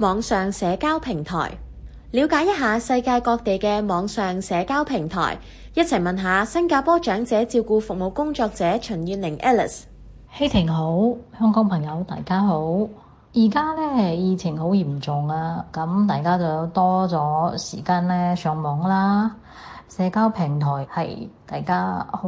網上社交平台，了解一下世界各地嘅網上社交平台，一齊問下新加坡長者照顧服務工作者秦燕玲 Alice。希婷好，香港朋友大家好。而家呢，疫情好嚴重啊，咁大家就多咗時間呢，上網啦，社交平台係大家好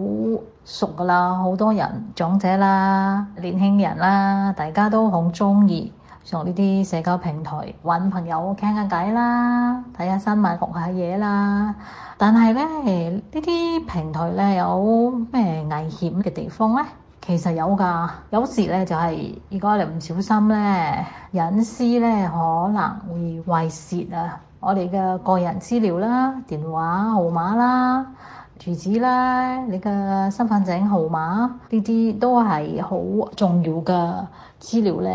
熟噶啦，好多人長者啦、年輕人啦，大家都好中意。上呢啲社交平台揾朋友傾下偈啦，睇下新聞學下嘢啦。但係咧，呢啲平台呢，有咩危險嘅地方呢？其實有㗎，有時呢，就係、是、如果你唔小心呢，隱私呢可能會外泄啊！我哋嘅個人資料啦、電話號碼啦、住址啦、你嘅身份證號碼呢啲都係好重要嘅資料呢。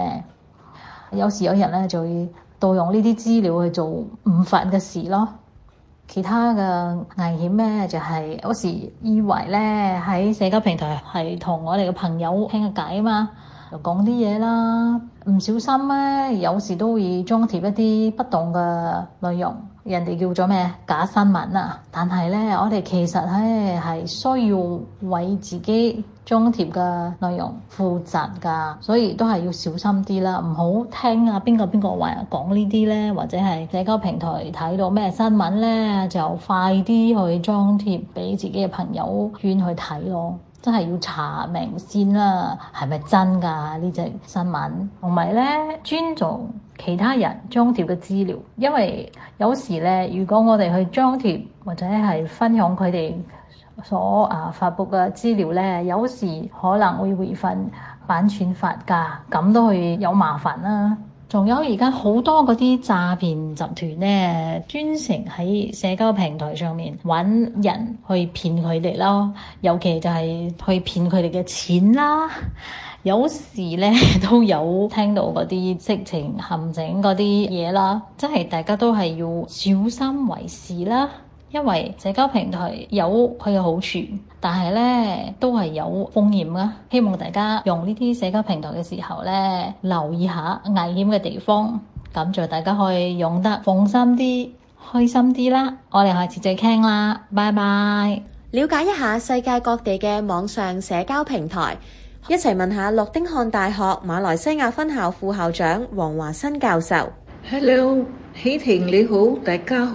有時有人咧就會盜用呢啲資料去做唔法嘅事咯。其他嘅危險咧就係、是、有時以為咧喺社交平台係同我哋嘅朋友傾下偈啊嘛，講啲嘢啦。唔小心咧有時都會張貼一啲不懂嘅內容。人哋叫做咩假新聞啊！但係咧，我哋其實咧係需要為自己張貼嘅內容負責㗎，所以都係要小心啲啦，唔好聽啊邊個邊個話講呢啲咧，或者係社交平台睇到咩新聞咧，就快啲去張貼俾自己嘅朋友圈去睇咯。真係要查明先啦，係咪真㗎呢隻新聞？同埋咧，尊重。其他人張貼嘅資料，因為有時咧，如果我哋去張貼或者係分享佢哋所啊發佈嘅資料咧，有時可能會違反版權法㗎，咁都係有麻煩啦。仲有而家好多嗰啲詐騙集團咧，專程喺社交平台上面揾人去騙佢哋咯，尤其就係去騙佢哋嘅錢啦。有時咧都有聽到嗰啲色情陷阱嗰啲嘢啦，即係大家都係要小心為事啦。因為社交平台有佢嘅好處，但係咧都係有風險啦。希望大家用呢啲社交平台嘅時候咧，留意下危險嘅地方。咁就大家可以用得放心啲、開心啲啦。我哋下次再傾啦，拜拜。了解一下世界各地嘅網上社交平台。一齊問下諾丁漢大學馬來西亞分校副校長黃華新教授。Hello，喜婷你好，大家好。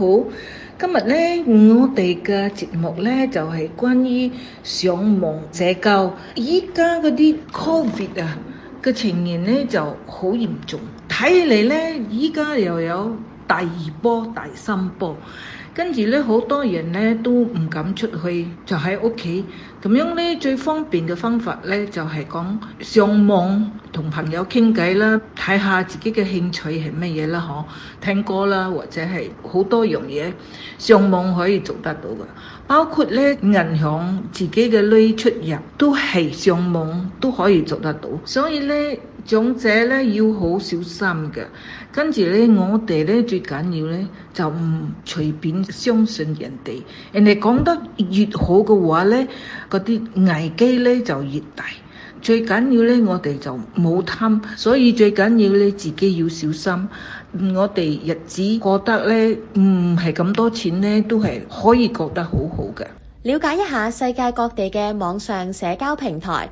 今日呢，我哋嘅節目呢，就係關於上網社交。依家嗰啲 covid 啊嘅情形呢就好嚴重，睇嚟，呢，依家又有第二波、第三波。跟住咧，好多人咧都唔敢出去，就喺屋企咁樣咧。最方便嘅方法咧，就係、是、講上網同朋友傾偈啦，睇下自己嘅興趣係乜嘢啦，嗬，聽歌啦，或者係好多樣嘢上網可以做得到㗎，包括咧銀行自己嘅累出入都係上網都可以做得到，所以咧。長者咧要好小心嘅，跟住咧我哋咧最緊要咧就唔隨便相信人哋，人哋講得越好嘅話咧，嗰啲危機咧就越大。最緊要咧我哋就冇貪，所以最緊要咧自己要小心。我哋日子過得咧唔係咁多錢咧，都係可以過得好好嘅。了解一下世界各地嘅網上社交平台。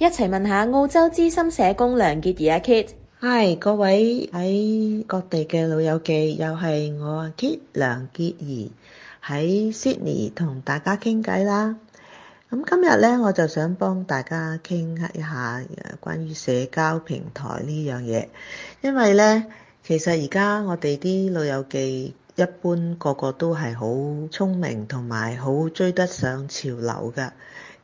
一齊問下澳洲資深社工梁潔儀啊，Kit，Hi，各位喺各地嘅老友記，又係我阿 Kit 梁潔儀喺 Sydney 同大家傾偈啦。咁今日咧，我就想幫大家傾一下關於社交平台呢樣嘢，因為咧，其實而家我哋啲老友記一般個個都係好聰明同埋好追得上潮流噶。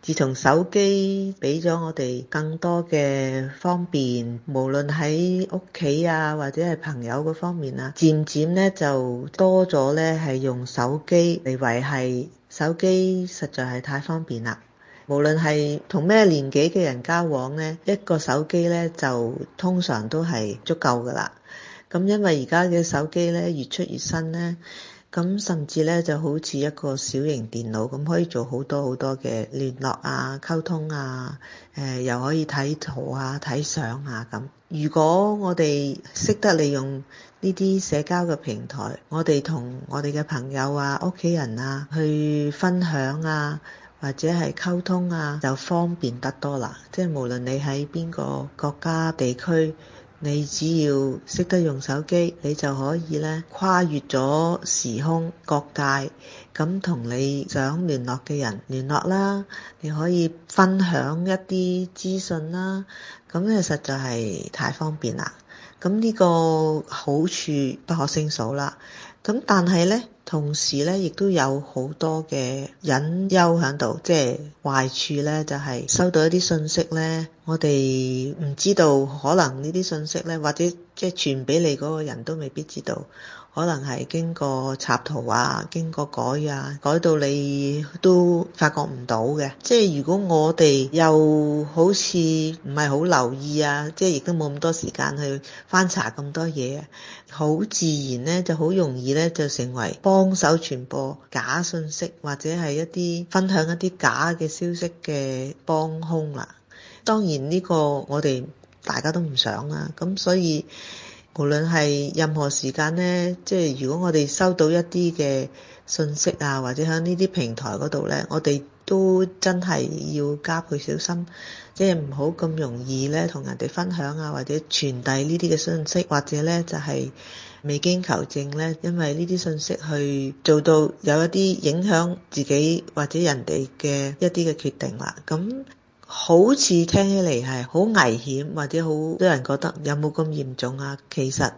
自從手機俾咗我哋更多嘅方便，無論喺屋企啊，或者係朋友嗰方面啊，漸漸咧就多咗咧，係用手機嚟維係。手機實在係太方便啦，無論係同咩年紀嘅人交往咧，一個手機咧就通常都係足夠㗎啦。咁因為而家嘅手機咧越出越新咧。咁甚至咧就好似一個小型電腦咁，可以做好多好多嘅聯絡啊、溝通啊，誒、呃、又可以睇圖啊、睇相啊咁。如果我哋識得利用呢啲社交嘅平台，我哋同我哋嘅朋友啊、屋企人啊去分享啊，或者係溝通啊，就方便得多啦。即係無論你喺邊個國家地區。你只要識得用手機，你就可以咧跨越咗時空各界，咁同你想聯絡嘅人聯絡啦，你可以分享一啲資訊啦，咁咧實在係太方便啦。咁、這、呢個好處不可勝數啦。咁但係咧。同時咧，亦都有好多嘅隱憂喺度，即係壞處咧，就係收到一啲信息咧，我哋唔知道，可能呢啲信息咧，或者即係傳俾你嗰個人都未必知道，可能係經過插圖啊、經過改啊，改到你都發覺唔到嘅。即係如果我哋又好似唔係好留意啊，即係亦都冇咁多時間去翻查咁多嘢，好自然咧就好容易咧就成為幫手傳播假信息，或者係一啲分享一啲假嘅消息嘅幫兇啦。當然呢個我哋大家都唔想啦。咁所以無論係任何時間呢，即係如果我哋收到一啲嘅信息啊，或者喺呢啲平台嗰度咧，我哋，都真係要加倍小心，即係唔好咁容易咧同人哋分享啊，或者傳遞呢啲嘅信息，或者咧就係未經求證咧，因為呢啲信息去做到有一啲影響自己或者人哋嘅一啲嘅決定啦。咁好似聽起嚟係好危險，或者好多人覺得有冇咁嚴重啊？其實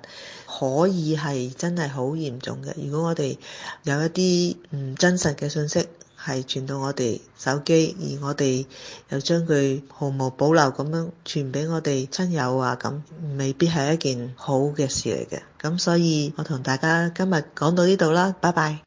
可以係真係好嚴重嘅。如果我哋有一啲唔真實嘅信息。係傳到我哋手機，而我哋又將佢毫無保留咁樣傳畀我哋親友啊，咁未必係一件好嘅事嚟嘅。咁所以我同大家今日講到呢度啦，拜拜。